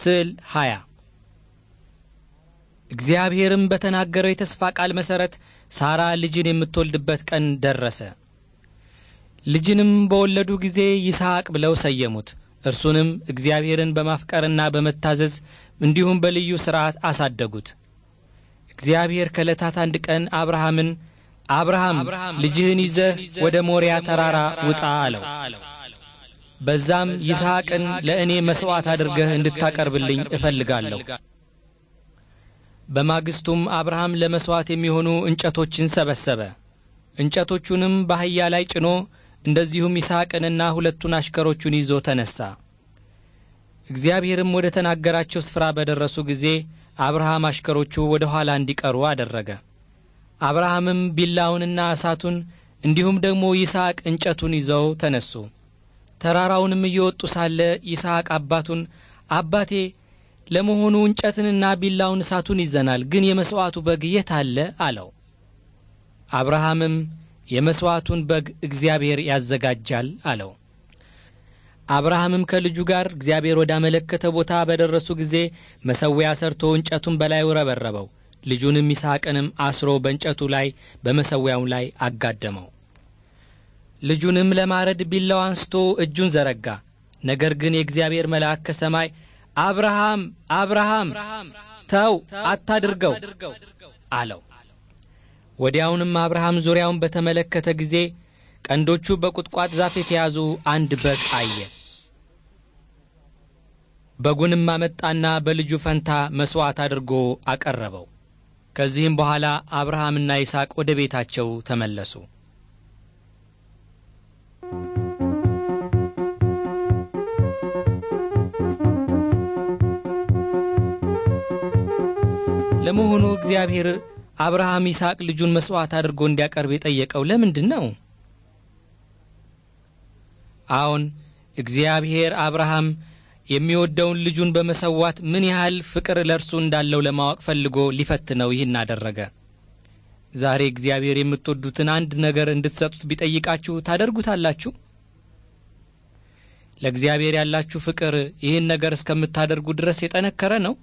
ስዕል 20 እግዚአብሔርም በተናገረው የተስፋ ቃል መሰረት ሳራ ልጅን የምትወልድበት ቀን ደረሰ። ልጅንም በወለዱ ጊዜ ይስሐቅ ብለው ሰየሙት። እርሱንም እግዚአብሔርን በማፍቀርና በመታዘዝ እንዲሁም በልዩ ሥርዓት አሳደጉት። እግዚአብሔር ከዕለታት አንድ ቀን አብርሃምን አብርሃም ልጅህን ይዘህ ወደ ሞሪያ ተራራ ውጣ አለው። በዛም ይስሐቅን ለእኔ መስዋዕት አድርገህ እንድታቀርብልኝ እፈልጋለሁ። በማግስቱም አብርሃም ለመስዋዕት የሚሆኑ እንጨቶችን ሰበሰበ። እንጨቶቹንም በአህያ ላይ ጭኖ እንደዚሁም ይስሐቅንና ሁለቱን አሽከሮቹን ይዞ ተነሣ። እግዚአብሔርም ወደ ተናገራቸው ስፍራ በደረሱ ጊዜ አብርሃም አሽከሮቹ ወደ ኋላ እንዲቀሩ አደረገ። አብርሃምም ቢላውንና እሳቱን እንዲሁም ደግሞ ይስሐቅ እንጨቱን ይዘው ተነሱ። ተራራውንም እየወጡ ሳለ ይስሐቅ አባቱን አባቴ ለመሆኑ እንጨትንና ቢላውን እሳቱን ይዘናል ግን የመሥዋዕቱ በግ የት አለ አለው አብርሃምም የመሥዋዕቱን በግ እግዚአብሔር ያዘጋጃል አለው አብርሃምም ከልጁ ጋር እግዚአብሔር ወዳመለከተ ቦታ በደረሱ ጊዜ መሠዊያ ሰርቶ እንጨቱን በላዩ ረበረበው ልጁንም ይስሐቅንም አስሮ በእንጨቱ ላይ በመሠዊያውም ላይ አጋደመው ልጁንም ለማረድ ቢላው አንስቶ እጁን ዘረጋ። ነገር ግን የእግዚአብሔር መልአክ ከሰማይ አብርሃም አብርሃም ተው አታድርገው አለው። ወዲያውንም አብርሃም ዙሪያውን በተመለከተ ጊዜ ቀንዶቹ በቁጥቋጥ ዛፍ የተያዙ አንድ በግ አየ። በጉንም አመጣና በልጁ ፈንታ መሥዋዕት አድርጎ አቀረበው። ከዚህም በኋላ አብርሃምና ይስሐቅ ወደ ቤታቸው ተመለሱ። ለመሆኑ እግዚአብሔር አብርሃም ይስሐቅ ልጁን መስዋዕት አድርጎ እንዲያቀርብ የጠየቀው ለምንድን ነው? አዎን እግዚአብሔር አብርሃም የሚወደውን ልጁን በመሰዋት ምን ያህል ፍቅር ለእርሱ እንዳለው ለማወቅ ፈልጎ ሊፈትነው ይህን አደረገ። ዛሬ እግዚአብሔር የምትወዱትን አንድ ነገር እንድትሰጡት ቢጠይቃችሁ ታደርጉታላችሁ? ለእግዚአብሔር ያላችሁ ፍቅር ይህን ነገር እስከምታደርጉ ድረስ የጠነከረ ነው?